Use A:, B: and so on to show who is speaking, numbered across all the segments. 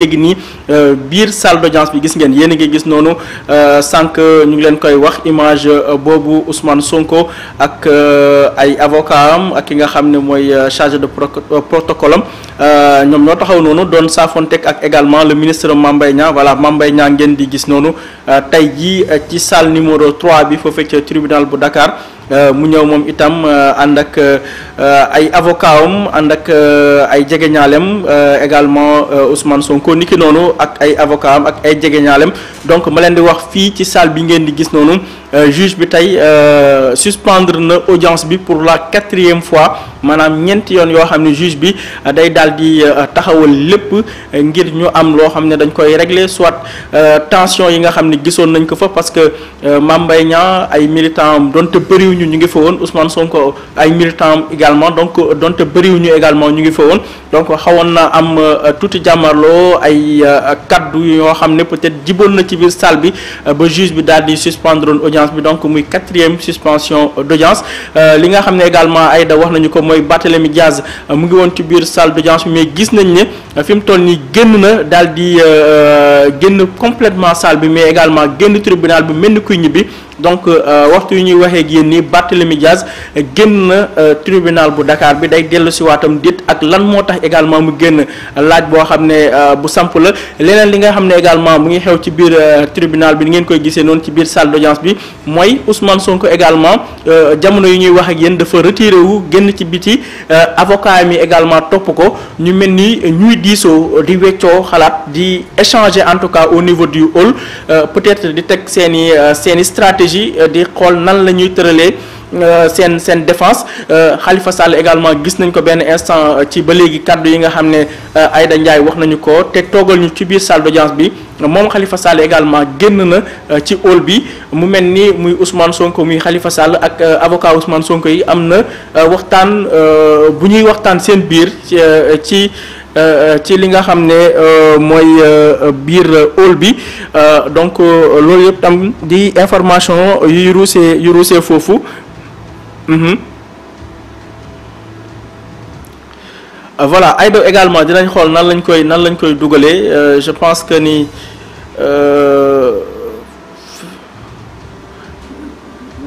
A: léegi nii euh, biir salle d'audience bi gis ngeen yéen a ngi gis noonu euh, sànq ñu ngi leen koy wax image euh, boobu Ousmane Sonko ak ay avocat am ak ki nga xam ni mooy chargé de protocole am ñoom ñoo taxaw noonu doon saafonteeg ak également le ministre Mame Mbaye Niang voilà Mame ngeen di gis noonu tey jii ci salle numéro trois bi foofee ca tribunal bu Dakar Euh, mu ñëw moom itam euh, ànd ak euh, ay avocat ànd ak ay jegeñaalem également Ousmane Sonko niki noonu ak ay avocat ak ay jegeñaalem donc ma leen di wax fii ci salle bi ngeen di gis noonu. Euh, juge bi euh suspendre na audience bi pour la quatrième fois manam ñent yoon yo xam juge bi euh, day daldi di euh, taxawal lépp ngir ñu am lo xam dañ koy régler soit tension yi nga xam gissone nañ ko fa parce que Mame Mbaye ay militants donte bëriwuñu ñu ngi fa won Ousmane Sonko ay militants également donc donte ñu également ñu ngi fa won donc xawon na am touti jamarlo ay cadeau yo xam peut-être jiboon na ci bir salle bi ba juge bi daldi suspendre audience audience bi donc muy quatrième suspension d'audience euh, li nga xamné également Aïda wax nañu ko moy Barthélemy Diaz euh, mu ngi ci biir salle d'audience mais gis nañ né euh, fim mu toll nii na daldi complètement salle bi mais également genn tribunal bu melni kuy ñibi donc euh, euh, waxtu ñuy waxe ak yéen ni Barthélémy Diaz euh, génn tribunal bu Dakar bi day dellu ci watam dit ak lan moo tax également mu génn laaj bo xamné bu samp la leneen li nga xamné également mu ngi xew ci biir tribunal bi ni ngeen koy gisee non ci biir salle d'audience bi moy Ousmane Sonko également jamono ñuy wax ak yéen dafa retiré wu génn ci biti avocat mi également top ko ñu melni ñuy diisoo di weccoo xalat di échanger en tout cas au niveau du hall peut-être di tek seen i stratégie stratégie euh, di xool nan la ñuy tëralee euh, seen seen défense euh, Khalifa Sall également gis nañ ko benn instant ci ba léegi kàddu yi nga xam ne Aïda wax nañu ko te toogal ñu ci biir salle bi moom xalifa Sall également génn na ci hall bi mu mel ni muy Ousmane Sonko muy xalifa Sall ak avocat Ousmane Sonko yi am na waxtaan bu ñuy waxtaan seen biir ci. Euh, ci li nga xamné ne euh, mooy euh, bir hall bi donc loolu d'information tam di information yuy ruusee yu fofu foofu mhm. voilà aido également dinañ xol nan lañ koy nan lañ koy je pense que ni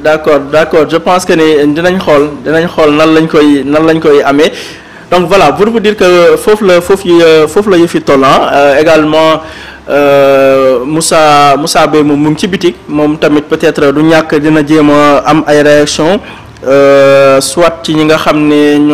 A: d'accord d'accord je pense que ni dinañ xol dinañ xol nan lañ koy nan lañ koy amee donc voilà pour vous dire que le euh, ah. euh, également euh, Moussa Moussa be moom tamit peut-être du dina am ay réaction soit ci ñi